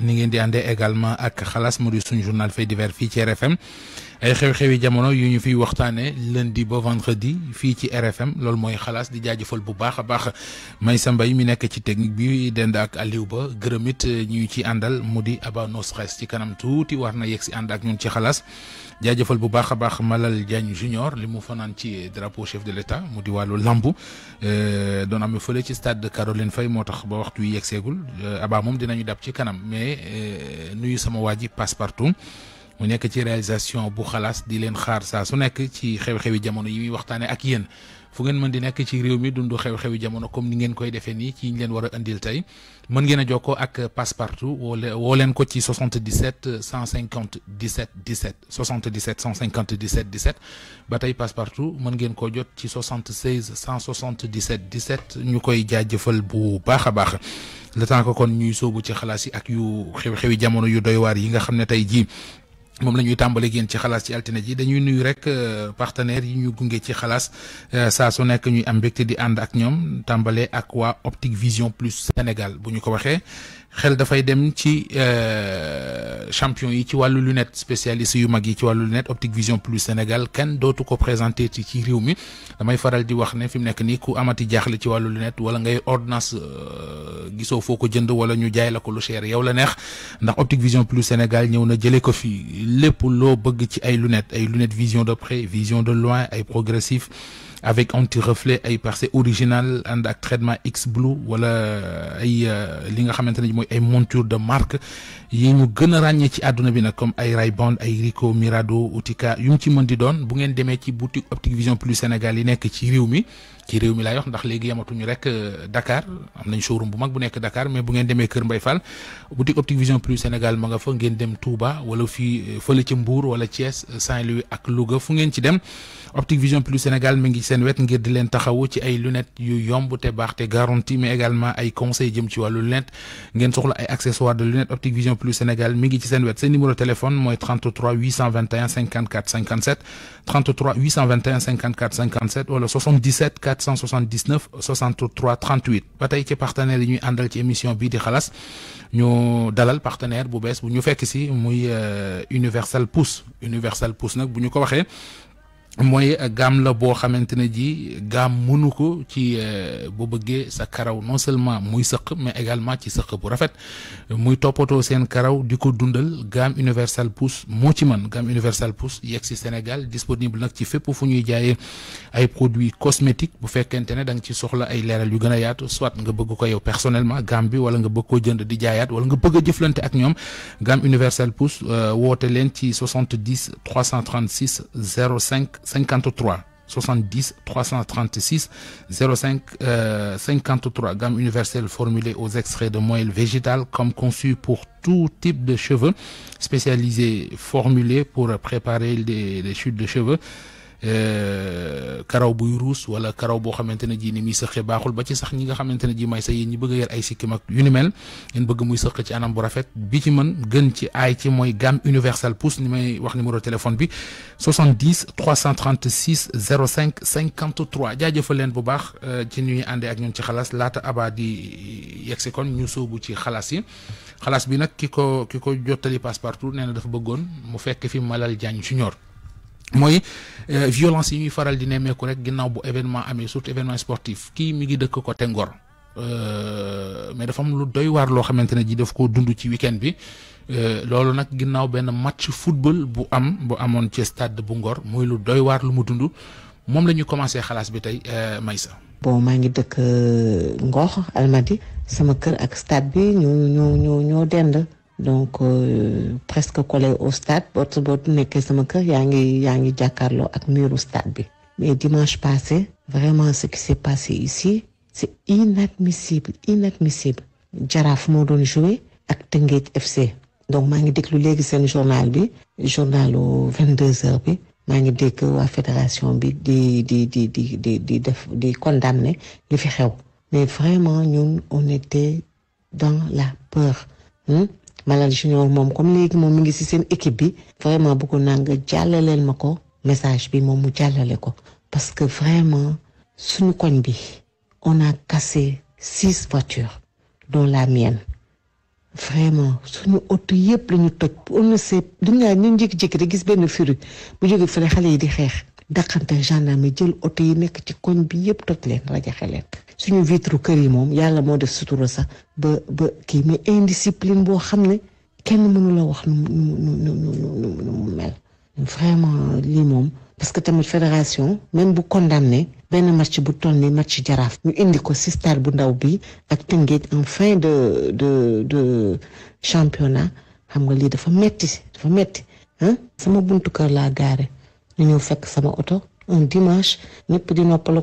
ni ngeen di àndee également ak xalaas mu di suñu journal fait divers fii ci RFM ay xew-xewi jamono yu ñu fiy waxtaanee lundi ba vendredi fii ci RFM loolu mooy xalaas di jaajëfal bu baax a baax sa mbay mi nekk ci technique bi dend ak Aliou Ba gërëm it ñu ci àndal mu di Aba No Stress ci kanam tuuti war na yegg si ànd ak ñun ci xalaas jaajëfal bu baax a baax Malal Diagne junior li mu fanaan ci drapeau chef de l'état mu di wàllu lambu euh, doon amee fële ci stade Caroline Faye moo tax ba mais euh, nuyu sama waa ji passe partout mu nekk ci réalisation bu xalaas di leen xaar saa su nekk ci xew-xewi jamono yi muy waxtaane ak yéen fu ngeen mën di nekk ci réew mi dund xew-xewi jamono comme ni ngeen koy defee nii ci ñu leen war a indil tey mën ngeen a jokkoo ak Passepartout woo leen ko ci 77 150 17 17 77 150 17 17 ba tey Passepartout mën ngeen koo jot ci 76 177 17 ñu koy jaajëfal bu baax a baax le temps que kon ñuy sóobu ci xalaas yi ak yu xew-xewi jamono yu doy waar yi nga xam ne tey jii moom la ñuy tàmbale génn ci xalaas ci altine ji dañuy nuyu rek euh, partenaires yi ñu gunge ci xalaas euh, saa su nekk ñuy am mbégte di ànd ak ñoom tàmbalee ak waa Optique Vision Plus Sénégal bu ñu ko waxee xel dafay dem ci euh, champion yi ci walu lunettes spécialiste yu mag yi ci walu lunettes Optique Vision Plus Sénégal ken dootu ko présenté ci ci réew mi damay faral di wax ne fi mu nekk nii ku amati jaaxle ci walu lunettes wala ngay ordonnance euh, gisoo foo ko jënd wala ñu jaay la ko lu cher yow la neex ndax Optique Vision Plus Sénégal ñëw na jëlee ko fi lépp loo bëgg ci ay lunettes ay lunettes vision de près vision de loin ay progressif avec anti-reflet ay percées original and ak traitement X Blue wala euh, ay euh, li nga xamante ne mooy ay monture de marque yi ñu gën a ràññee ci àdduna bi nag comme ay Ray-Ban ay Ricoh Mirado Utica yu mu ci mën di doon bu ngeen demee ci boutique Optique Vision Plus Sénégal yi nekk ci réew mi ci réew mi laay wax ndax léegi yamatuñu rek euh, Dakar am nañ showroom bu mag bu nekk Dakar mais bu ngeen demee Kër Mbaye Fall boutique Optique Vision Plus Sénégal ma nga fa ngeen dem Touba wala fii euh, fële ci Mbour wala Thiès euh, Saint-Louis ak Louga fu ngeen ci dem Optique Vision Plus Sénégal mi ngi seen wet ngir di leen taxawu ci ay lunettes yu yomb te baax garantie mais également ay conseils jëm ci wàllu lunette ngeen soxla ay accessoires de lunettes Optique Vision Plus Sénégal mi ngi ci seen wet seen numéro téléphone mooy 33 821 54 57 33 821 54 57 wala 77 4 179, 63 38 Bataille qui est partenaire de ñuy àndal émission bii di Nous ñu dalal partenaire bu bees nous ñu fekk si muy euh, Universal Pouce Universal Pouce Nous bu mooy gam la bo xamantene ji gaam munuko ci euh, bo beugé sa karaw non seulement muy sekk mais également ci sekk bu rafet muy topoto sen karaw diko dundal gaam universal pousse mo ci man gaam universal pousse yegg Sénégal disponible nak ci fépp fu ñuy jaayee ay produits cosmétiques bu fekkente ne da ci soxla ay léral yu gëna yaatu soit nga bëgg ko yow personnellement gaam bi wala nga bëgg ko jënd di jaayaat wala nga bëgg jëflante ak ñom gaam universal pousse euh, woté len ci 70 336 05. 53 70 336 05 53 gamme universelle formulée aux extraits de moelle végétale comme conçue pour tout type de cheveux spécialisée formulée pour préparer les, les chutes de cheveux Euh, karaw buy ruus wala karaw boo xamante ne ji ni muy sëqe baaxul ba ci sax ñi nga xamante ne ji may sax yéen ñi bëgg a yor ay sikkim ak yu ni mel ngeen bëgg muy sëq ci anam bu rafet bi ci mën gën ci aay ci mooy gamme universelle pousse ni may wax numéro téléphone bi 70 336 05 53 jaajëfal leen bu baax euh, ci ñuy àndee ak ñun ci xalaas laata abaa di yegsi kon ñu soobu ci xalaas yi xalaas bi nag ki ko ki ko jottali passe partout nee na dafa bëggoon mu fekk fi Malal Diagne junior mooy euh, violence yi ñuy faral di nemmeeku rek ginnaaw bu événement amee surtout événement sportif kii mi ngi dëkk ko te Ngor euh, mais dafa am lu doy waar loo xamante ne ji def ko dund ci weekend bi euh, loolu nag ginnaaw benn match football bu am bu amoon ci stade bu Ngor muy lu doy waar lu mu dund moom la ñu commencé xalaas bi tey Maysa. bon maa ngi dëkk Ngor Almadi sama kër ak stade bi ñoo ñoo ñoo ñoo dend. donc euh, presque collé au stade il y a sama kër yaangi yaangi yaa ak muru stade mais dimanche passé vraiment ce qui s'est passé ici c'est inadmissible inadmissible jaraaf moo jouer avec ak FC donc maa ngi déglu léegi journal bi journal 22 journal bi maa ngi wa fédération bi di di di di di di def di condamner li fi xew mais vraiment ñun on était dans la peur. Hmm? Malal Junior moom comme léegi moom mi ngi si seen équipe bi vraiment bëggoon naa nga jàllaleel ma ko message bi moom mu jàllale ko parce que vraiment suñu koñ bi on a cassé six voitures dont la mienne vraiment suñu auto yépp la ñu toj on ne sait du ngaa ñu jékki-jékki rek gis benn furu bu jógee fële xale yi di xeex daqante gendarme jël auto yi nekk ci koñ bi yépp toj leen rajaxe leen suñu vitre kër yi moom yàlla moo def sutura sax ba ba kii mais indiscipline boo xam ne kenn mënu la wax nu nu nu nu nu mu mel. vraiment lii moom. parce que tamit fédération même bu condamné benn match bu toll ni match jaraaf. ñu indi ko si stade bu ndaw bi ak Tëngéej en fin de de de championnat xam nga lii dafa metti dafa metti ah sama buntu kër laa gaare ñu ñëw fekk sama oto un dimanche ñëpp di noppala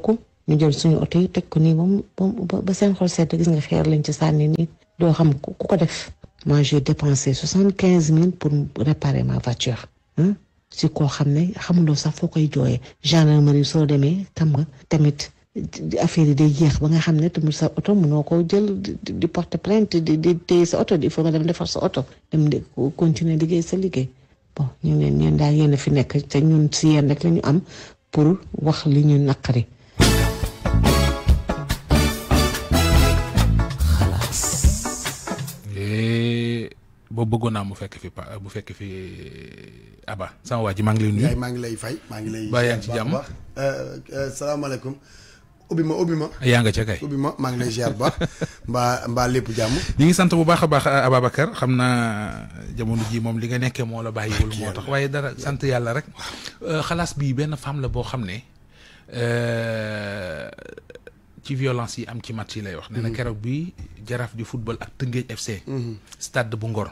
ñu jël suñu oto yi teg ko nii ba ba seen xol sedd gis nga xeer lañ ci sànni nii doo xam ku ko def. moi j'ai dépensé soixante quinze mille pour réparer ma voiture si koo xam ne xamuloo sax foo koy jooyee gendarmerie soo demee xam nga tamit affaire yi day jeex ba nga xam ne tamit sa oto munoo ko jël di porte plainte di di téye sa oto il faut nga dem defar sa oto dem di continuer liggéey sa liggéey bon ñu ne ñeen daal yéen a fi nekk te ñu si yéen rek la ñu am pour wax li ñu naqari. bo bëggoon naa mu fekk fi bu fekk fi eh, aba sama waa ji maa ngi lay nuyu maa ngi lay fay maa ngi lay ba yaa ngi ci jàmm eh, eh, salaamaaleykum ubbi ma ubbi ma yaa nga ca kay ubbi ma maa ngi lay ziar bu baax mbaa mbaa lépp jàmm ñi ngi sant bu baax a baax Ababacar xam naa jamono ji moom li nga nekkee moo la bàyyiwul moo tax waaye dara sant yàlla rek xalaas bi benn femme la boo xam ne ci violence yi am ci match yi lay wax mm-hmm. nee na keroog bi jaraaf ju football ak Tëngéej FC mm-hmm. stade bu Ngor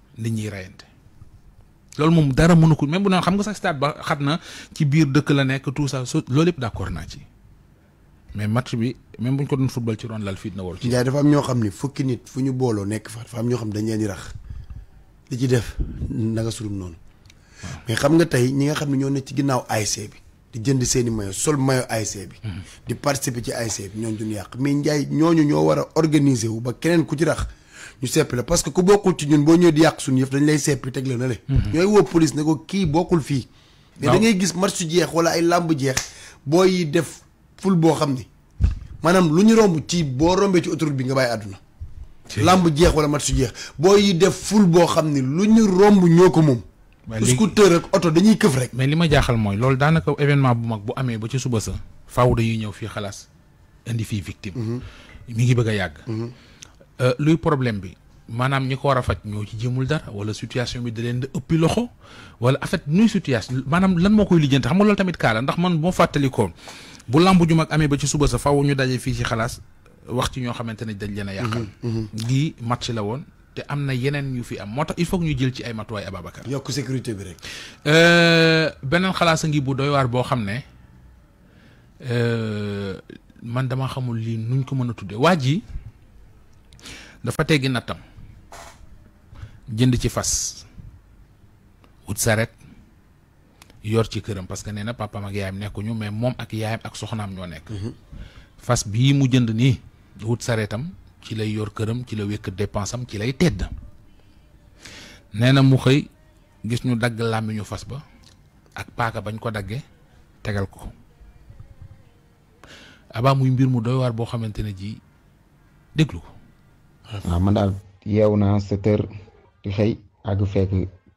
li ñuy reyante loolu moom dara mënu ko même bu noonu xam nga sax stade ba xat na ci biir dëkk la nekk tout ça so loolu yëpp d'accord naa ci mais match bi même bu ñu ko doon football ci ron lal fit na war ci dafa am ñoo xam ni fukki nit fu ñu booloo nekk fa dafa am ñoo xam ne dañ leen di rax li ci def naga surum noonu mais xam nga tey ñi nga xam ne ñoo nekk ci ginnaaw ASC bi di jënd seen i maillot sol maillot ASC bi mhm. di participer ci ASC bi ñooñu duñ yàq mais Ndiaye ñooñu ñoo a organiser wu ba keneen ku ci rax ñu seppi parce que ku bokkul ci ñun boo ñëwee di yàq suñu yëf dañ lay seppi teg la na le mhm. ñooy woo police ne ko kii bokkul fii mais da ngay gis match jeex wala ay làmb jeex boo def ful boo xam ni maanaam lu ñu romb ci boo rombee ci autoroute bi nga bàyyi àdduna làmb jeex wala match jeex booy yi def ful boo xam ni lu ñu romb ñoo ko moom scooter ak oto dañuy këf rek mais li ma jaaxal mooy loolu daanaka événement bu mag bu amee ba ca suba sa faaw dañuy ñëw fii xalaas indi fii victime mhm. mi ngi bëgg a yàgg mhm. Euh, luy problème bi maanaam ñi ko war a faj ñoo ci jéemul dara wala situation bi da leen di ëppi loxo wala en fait nuy situation maanaam lan moo koy lijjanti xam nga loolu tamit kaala ndax man moo fàttalikoo bu lambu ju mag amee ba ci suba sa faw ñu daje fii ci xalaas wax ci ñoo xamante ne dañ leen a yàqal. Mm-hmm, mm-hmm. lii match la woon te am na yeneen ñu fi am moo tax il faut ñu jël ci ay matuwaay Ababacar. yokk sécurité bi rek. Euh, beneen xalaas a ngi bu doy waar boo xam ne euh, man damaa xamul lii nuñ ko mën a tuddee waa ji dafa teggi nattam jënd ci fas wut saret yor ci këram parce que nee na papaam ak yaayam nekkuñu mais moom ak yaayam ak soxnaam ñoo nekk. Mhm. fas bii mu jënd nii wut saretam ci lay yor këram ci la wékk dépense am ci lay tedd nee na mu xëy gis ñu dagg làmmiñu fas ba ak paaka bañ ko daggee tegal ko abaa muy mbir mu doy waar boo xamante ne ji déglu ko. waa man daal yeewu naa sept heures di xëy àgg fekk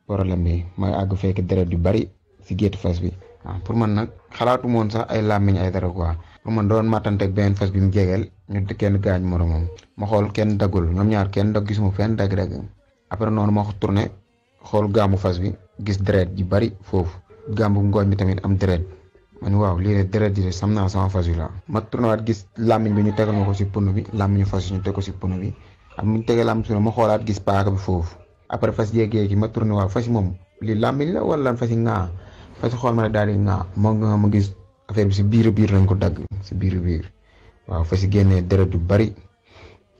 problème bi ma àgg fekk deret yu bari si gétt fas bi waaw pour man nag xalaatu moon sax ay làmmiñ ay dara quoi pour man doon màttanteeg benn fas bi mu jegeel ñu kenn gaañ moromam ma xool kenn daggul ñoom ñaar kenn dag gisuma fenn dagg-dagg après noonu ma tourné xool gàmmu fas bi gis deret yu bari foofu gàmmu ngooñ bi tamit am deret ma ne waaw lii de deret yi de sam naa sama fas wi la ma tourné waat gis làmmiñ bi ñu tegal ma ko si pënu bi làmmiñu fas yi ñu teg ko si bi xam muñ tege lam sunu ma xoolaat gis paaka bi fofu après fas jégué jéegi ma tourné wal fas mom li làmmiñ la wala fas nga fas xol ma la daal di ŋaa nga ma gis affaire bi ci biir biir nañ ko dag ci biir biir waaw fas génné deret du bari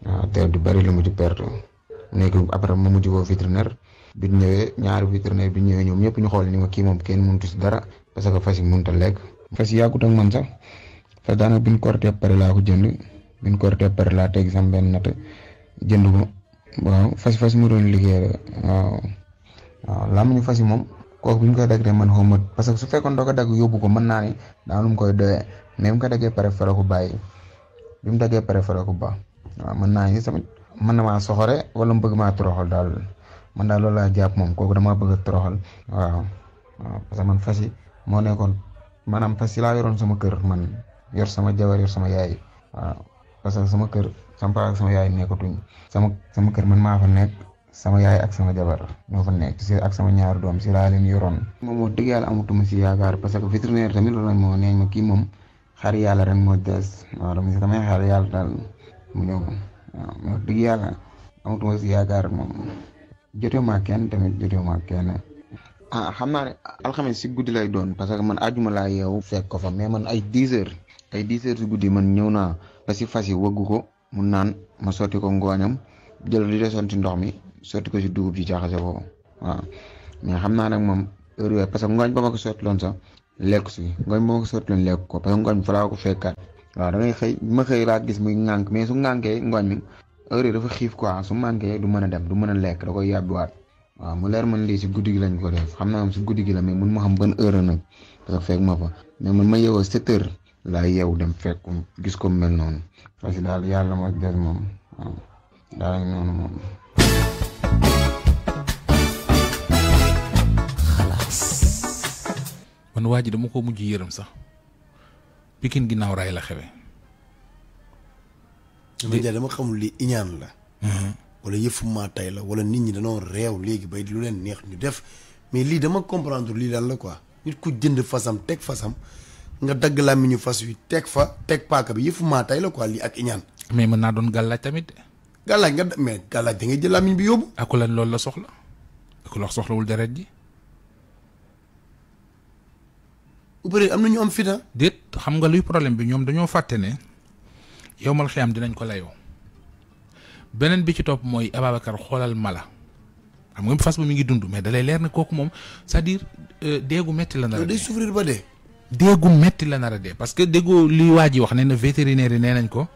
waaw deret du bari lu mu ci perdre nek après mo mu ci wo vétérinaire bi ñëwé ñaar vétérinaire bi ñëwé ñom ñëpp ñu xol ni ma ki mom kenn mëntu si dara parce que fas yi ta lek fas yaagu tak man sax fas daanaka bin korte paré la ko jënd bin korte paré la teg sam ben natt jënd ko waaw fas fas mu doon liggéey waaw waaw laa làmmiñu fas yi moom kooku bu ñu koy dagg de man xaw ma parce que su fekkoon doo ko dagg yóbbu ko mën naa ni daa lu mu koy doyee mais bu ñu ko daggee pare fara ko bàyyi bi mu daggee pare fara ko ba waaw mën naa ni sama mën na maa soxore wala mu bëgg maa toroxal daal man daal loolu laa jàpp moom kooku dama bëgg a toroxal waaw waaw parce que man fas yi moo nekkoon maanaam fas yi laa yoroon sama kër man yor sama jabar yor sama yaay waaw parce que sama kër Kampala ak sama yaay nekkatuñ sama sama kër man maa fa nekk sama yaay ak sama jabar ñoo fa nekk si ak sama ñaar doom si laa leen yoroon moom moo dëgg yàlla amatuma si yaakaar parce que vétérinaire tamit loolu lañ moo neeñ ma kii moom xar yàlla ren moo des waaw dama si damay xar yàlla daal mu ñëw waaw moo dëgg yàlla amatuma si yaakaar moom jotewuma kenn tamit jotewuma kenn ah xam naa ne alxames si guddi lay doon parce que man ajuma laa yeewu fekk ko fa mais man ay 10 heures ay 10 heures si guddi man ñëw naa ba si fas yi wëggu ko mu naan ma sotti ko ngooñam jël li desoon ci ndox mi sotti ko si dugub ji jaaxase boobu waaw mais xam naa nag moom heure yooyu parce que ngooñ ba ma ko sotti loon sax lekk si ngooñ ba ma ko sotti loon lekk ko parce que laa ko fekkaat waaw da ngay xëy bi ma xëy laa gis muy ŋànk mais su ŋànkee ngooñ mi heure yi xiif quoi su ŋànkee du mën a dem du mën a lekk da koy yàbbiwaat waaw mu leer man lii si guddi gi lañ ko def xam naa moom si guddi gi la mais mun ma xam ban heure nag parce que fekk ma fa mais man ma yeewoo sept heures laa yeew dem fekk gis ko mel noonu parce que daal yàlla moo des moom waaw daal noonu moom. xalaas. man waa ji dama ko mujj yërëm sax Pikine ginnaaw raay la xewe dama xamul lii iñaan la. Mhm. wala yëfu maa tay la wala nit ñi danoo reew léegi bay lu leen neex ñu def mais lii dama comprendre lii lan la quoi nit ku jënd fasam teg fasam. nga dagg làmmiñu fas wi teg fa teg paaka bi yëfu maa tay la quoi lii ak iñaan mais mën naa doon gàllaaj tamit gàllaaj nga mais gàllaaj da ngay jël làmmiñ bi yóbbu aku lan loolu la soxla aku la soxlawul deret ji ubare am na ñu am fita ah. déet xam nga luy problème bi ñoom dañoo fàtte ne yowmal xiyaam dinañ ko layoo beneen bi ci topp mooy Ababacar xoolal mala xam nga fas ba mi ngi dund mais dalay leer ne kooku moom sa diir dire metti la na day souffrir ba dee déegu metti la nar a dee parce que déggoo li waa ji wax ne na vétérinaire yi nee nañ ko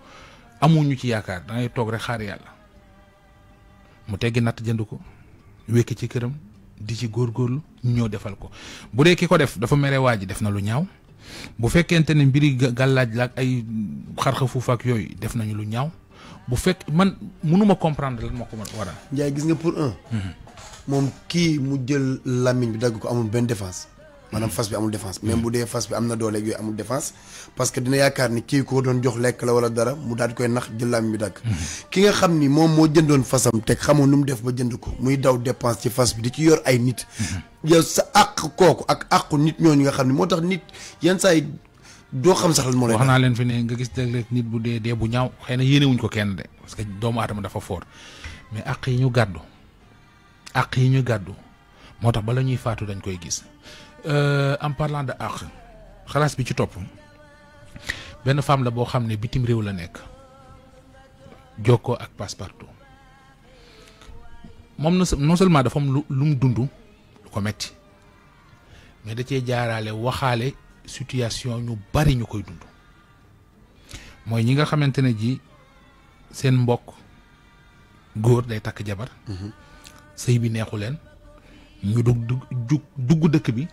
amuñu ci yaakaar da ngay toog rek xaar yàlla mu teggi natt jënd ko wékki ci këram di ci góorgóorlu ñoo defal ko bu dee ko def dafa mere waa ji def na lu ñaaw bu fekkente ne mbiri gàllaaj la ak ay xarxa fuuf ak yooyu def nañu lu ñaaw bu fekk man mënuma comprendre lan moo ko waral. Ndiaye gis nga pour un. Mhm. moom kii mu jël làmmiñ bi dagg ko amul benn défense. maanaam fas bi amul défense même hmm. bu dee fas bi am na dooleeg yooyu amul défense parce que dina yaakaar ni kii ko doon jox lekk la wala dara mu daal koy nax jëllaam bi dagg hmm. ki nga xam ni moom moo jëndoon fasam teg xamoon nu mu def ba jënd ko muy daw dépense ci fas bi di ci yor ay nit hmm. yow sa àq kooku ak àqu nit ñooñu nga xam ne moo tax nit yenn saa yi doo xam sax lan moo lay wax naa leen fi nga gis léeg-léeg nit bu dee dee bu ñaw xëy na yéenewuñ ko kenn de parce que doomu aadama dafa foor mais àq yi ñu gàddu àq yi ñu gàddu moo tax bala ñuy faatu dañ koy gis Euh, en parlant de àq xalaas bi ci topp benn femme la boo xam ne bitim réew la nekk jokkoo ak Passepartout moom non seulement dafa am lu lu mu dund lu ko metti mais da cee jaarale waxaale situation ñu bari ñu koy dund mooy ñi nga xamante ne ji seen mbokk góor day takk jabar mm-hmm. sëy bi neexu leen ñu dugg dugg dugg dëkk bi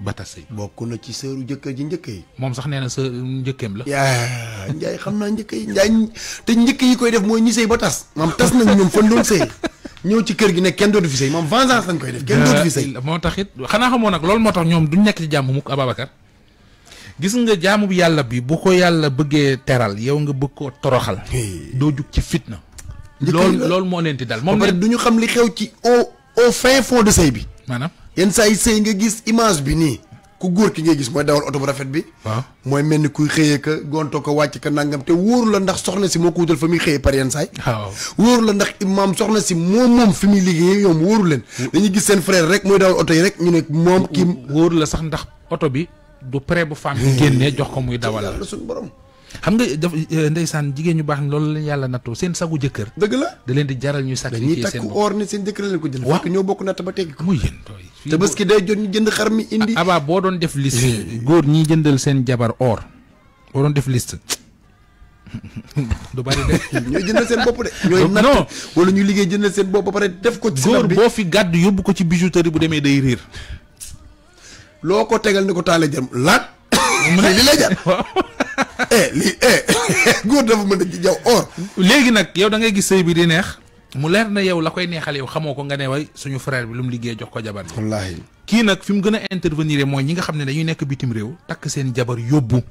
bata sëy bokk na ci sëru jëkkër ji njëkk yi moom sax nee na sër njëkkeem la yaa njaay xam naa njëkk yi njaay te njëkk yi koy def mooy ñi ba tas maam tas nañ ñoom fan doon sëy ci kër gi ne kenn dootu fi sëy moom vengeance lañ koy def kenn dootu fi moo tax it xanaa xamoo nag loolu moo tax ñoom duñ nekk ci jàmm mukk Ababacar gis nga jaamu yàlla bi bu ko yàlla bëggee teral yow nga bëgg koo toroxal doo jug ci fitna loolu loolu moo leen di dal moom du ñu xam li xew ci au au fin fond de sëy bi maanaam yenn saa yi sëy nga gis image bi nii ku góor ki ngay gis mooy dawal oto bu rafet bi. waaw mooy mel ni kuy xëyee ka gontoo ko wàcc ka nangam te wóoru la ndax soxna si moo ko wutal fa muy xëyee par yenn saay. waaw la ndax imaam soxna si moom moom fi muy liggéeyee ñoom wóoru leen. dañuy gis seen frère rek mooy dawal oto yi rek ñu ne moom. kii wóoru la sax ndax oto bi du prêt bu femme yi génnee jox ko muy dawal la suñu borom. xam nga daf eh, ndeysaan jigéen ñu baax ni loolu la yàlla nattoo seen sagu jëkkër. dëgg la da leen di jaral ñu sag seen bopp dañuy takk or ne seen jëkkër leen ko jënd. ñoo bokk natt ba tegg te bés ki day jot ñu jënd xar mi indi. abaa boo doon def liste. góor ñi jëndal seen jabar oor boo doon def liste. du bari de. ñooy seen bopp de. ñooy natt wala ñu liggéey seen bopp ba pare ko. ci góor boo fi gàdd yóbbu ko ci bijouterie bu demee day riir. loo ko tegal ni ko taale jëm laat. mu ne li lay jar eh lii eh góor dafa mën a jaw or. léegi nag yow da ngay gis sëy bi di neex. mu leer na yow la koy neexal yow xamoo ko nga ne way suñu frère bi lu mu liggéey jox ko jabar ji. wallaahi kii nag fi mu gën a intervenir mooy ñi nga xam ne dañuy nekk bitim réew takk seen jabar yóbbu.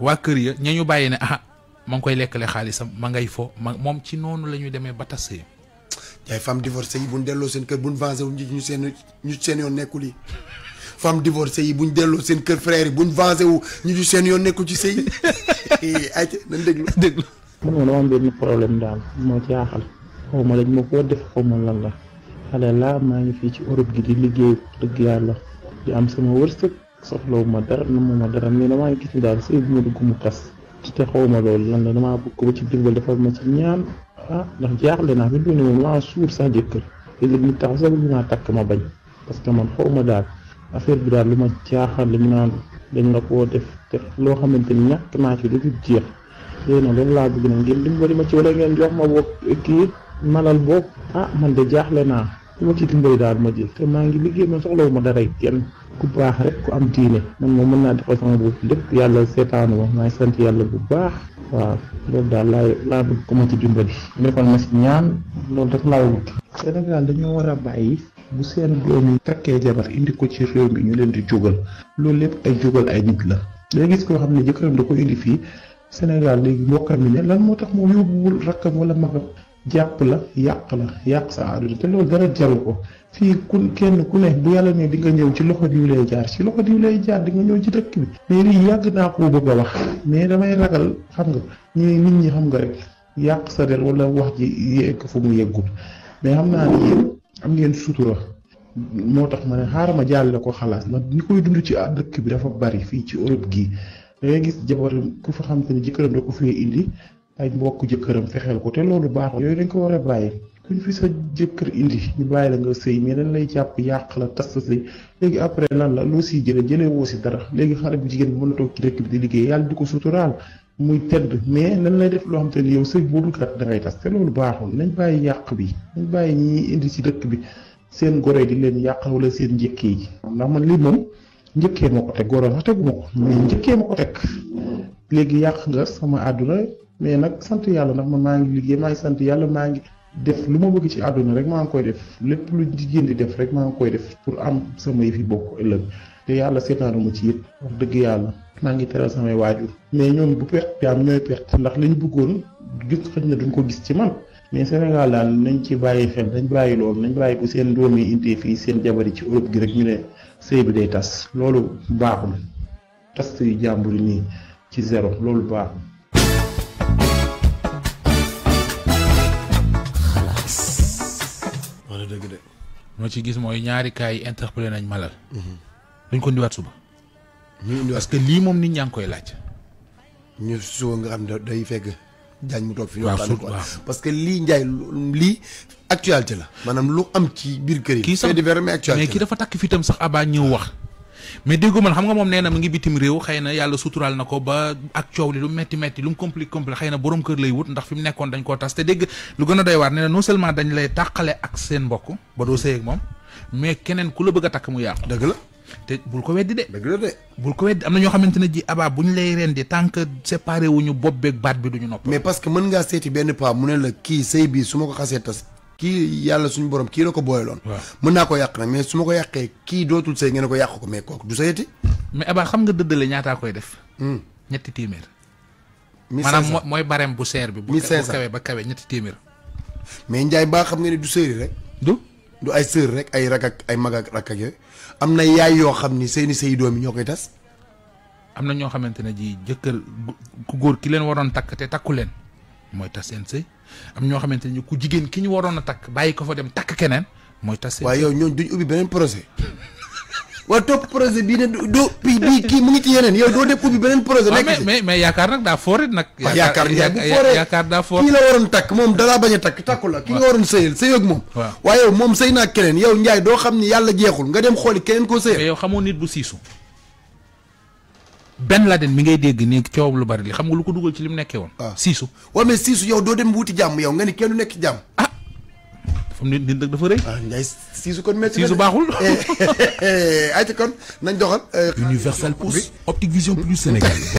waa kër ya ña ñu bàyyi ne ah ma ngi koy lekkale xaalisam ma ngay fo ma moom ci noonu la ñuy demee ba tas sëy. yaay femme divorcée yi delloo seen kër bu ñu vengé wu ñu seen ñu seen yoon nekkul yi. femme divorcée yi bu ñu delloo seen kër frère yi bu ñu vengé wu ñu di seen yoon nekku ci sëy ayca nañ déglu déglu problème daal moo jaaxal xaw ma dañ ma koo def xaw ma lan la xale laa maa ngi fii ci Europe gi di liggéey dëgg yàlla di am sama wërsëg soxlawu ma dara namu ma dara mais damaa gis ni daal sëy bu ma dugg mu tas te xaw ma loolu lan la damaa bëgg ko ci dimbal defal ma ci ñaan ah ndax jaaxle naa fi mu ne moom maa suur sax jëkkër te léegi ñu tax sax ñu naa takk ma bañ parce que man xaw ma daal affaire bi daal lu ma jaaxal li mu naan dañ la koo def te loo xamante ni ñàkk naa ci lu dul jeex léegi loolu laa bëgg na ngeen dimbali ma ci wala ngeen jox ma boog kii malal boog ah man de jaaxle naa lu ma ci dimbali daal ma maa ngi liggéey ma ma dara kenn ku baax rek ku am diine man moom mën naa defal sama lépp yàlla seetaanu ma sant yàlla bu baax waaw loolu daal laa laa bëgg ko ma ci dimbali defal ma si ñaan loolu rek laa wut Sénégal dañoo war a bàyyi bu seen doom yi takkee jabar indi ko ci réew mi ñu leen di jógal loolu lépp ay jógal ay nit la day gis koo xam ne jëkkëram da ko indi fii Sénégal léegi mbokkam yi ne lan moo tax moo yóbbuwul rakkam wala magam jàpp la yàq yàq sa àdduna te loolu dara jaru ko fii ku kenn ku ne bu yàlla ne di nga ñëw ci loxo diw lay jaar ci loxo diw lay jaar di nga ñëw ci dëkk bi mais lii yàgg naa koo bëgg a wax mais damay ragal xam nga ñi nit ñi xam nga rek yàq sa der wala wax ji yegg fu mu yeggul mais am ngeen sutura moo tax ma ne xaaral ma jàllale ko xalaas ndax ñi koy dund ci dëkk bi dafa bari fii ci Europe gii da gis jabaram ku fa xam te ne jëkkëram da ko fee indi ay mbokk jëkkëram fexeel ko te loolu baaxul yooyu dañ ko war a bàyyi kuñ fi sa jëkkër indi ñu bàyyi la nga sëy mais lay jàpp yàq la tas sa sëy léegi après lan la loo siy jëlee jëlee woo si dara léegi xale bu jigéen bi mën na toog ci dëkk bi di liggéey yàlla di ko suturaal muy tedd mais nan lay def loo xam te ni yow sëy boobu kat da tas te loolu baaxul nañ bàyyi yàq bi nañ bàyyi ñii indi ci dëkk bi seen gore di leen yàq wala seen njëkkee yi ndax man lii moom njëkkee ma ko teg goro sax teguma ko mais njëkkee ma ko teg léegi yàq nga sama àdduna mais nag sant yàlla ndax man maa ngi liggéey maa ngi sant yàlla maa ngi def lu ma bëgg ci àdduna rek maa ngi koy def lépp lu jigéen di def rek maa ngi koy def pour am sama yëfi bokk ëllëg te yàlla seetaanu ma ci yëpp wax dëgg yàlla maa ngi teral samay waajur mais ñoom bu perte am ñooy perte ndax li ñu bëggoon gis na duñ ko gis ci man mais Sénégal daal nañ ci bàyyi xel nañ bàyyi loolu nañ bàyyi bu seen doom yi indee fii seen jabar ci Europe gi rek ñu ne sëy day tas loolu baaxul tas yu jàmbur yi nii ci zéro loolu baaxul. xalaas. wala dëgg de. moo ci gis mooy ñaari kaay yi nañ malal. Mm-hmm. dañ ko indiwaat suba. ñu indiwaat parce que lii moom nit ñaa ngi koy laaj. ñu suba nga xam day fegg jaañ mu toog fi ñoo xam parce que lii Ndiaye lii actualité la. maanaam lu am ci biir kër yi. kii sax mais kii dafa takk fi tam sax abaa ñëw wax. mais déggu man xam nga moom nee na mu ngi bitim réew xëy na yàlla suturaal na ko ba ak coow li lu metti metti lu mu complique compliqué xëy na borom kër lay wut ndax fi mu nekkoon dañ koo tas te dégg lu gën a doy waar nee na non seulement dañ lay tàqale ak seen mbokk ba doo sëy ak moom mais keneen ku la bëgg a takk mu yàqu. dëgg la. te bul ko weddi de. dëgg la de. bul ko weddi am na ñoo xamante ne ji abaa bu ñu lay rendi tant que séparé wuñu bopp beeg baat bi duñu nopp. mais parce que mën ngaa seeti benn paa mu ne la kii sëy bii su ma ko xasee tas. kii yàlla suñu borom kii la ko booyaloon. waaw mën naa ko yàq nag mais su ma ko yàqee kii dootul sëy ngeen ko yàq ko mais kooku du sëyati. mais abaa xam nga dëddale ñaataa koy def. Hmm. ñetti téeméer. maanaam mooy barem bu seer bi. bu kawe ba kawe ñetti téeméer. mais Ndiaye baa xam nga ne du sëy rek. du du ay sër rek ay rak ay mag ak yooyu am na yaay yoo xam ni seeni sëy doom yi ñoo koy tas. am na ñoo xamante ne ji jëkkër ku góor ki leen waroon takk te takku leen mooy tas seen sëy am ñoo xamante ne ku jigéen ki ñu waroon a takk bàyyi ko fa dem takk keneen mooy tas seen. waaye yow ñooñu duñ ubbi beneen projet. waa topp projet bii de doo bii kii mu ngi ci yeneen yow doo def ubbi beneen projet. Ah, nekk ci mais mais yaakaar nag daa foorit nag. Ah, yaakaar yaakaar daa foor kii la waroon takk moom dalaa bañ a takk takku la ki nga waroon sëyal sëyoog moom. waaw waaye moom sëy naa keneen yow Ndiaye doo xam ni yàlla jeexul nga dem xooli keneen koo sëyal. mais yow xamoo nit bu siisu. Ben Laden mi ngay dégg nii coow lu bari li xam nga lu ko dugal ci li mu nekkee woon. Ah. waaw siisu. doo dem wuti jàmm yow nga ni kenn nekk jàmm. Universal Pouce, Optique Vision Plus Sénégal.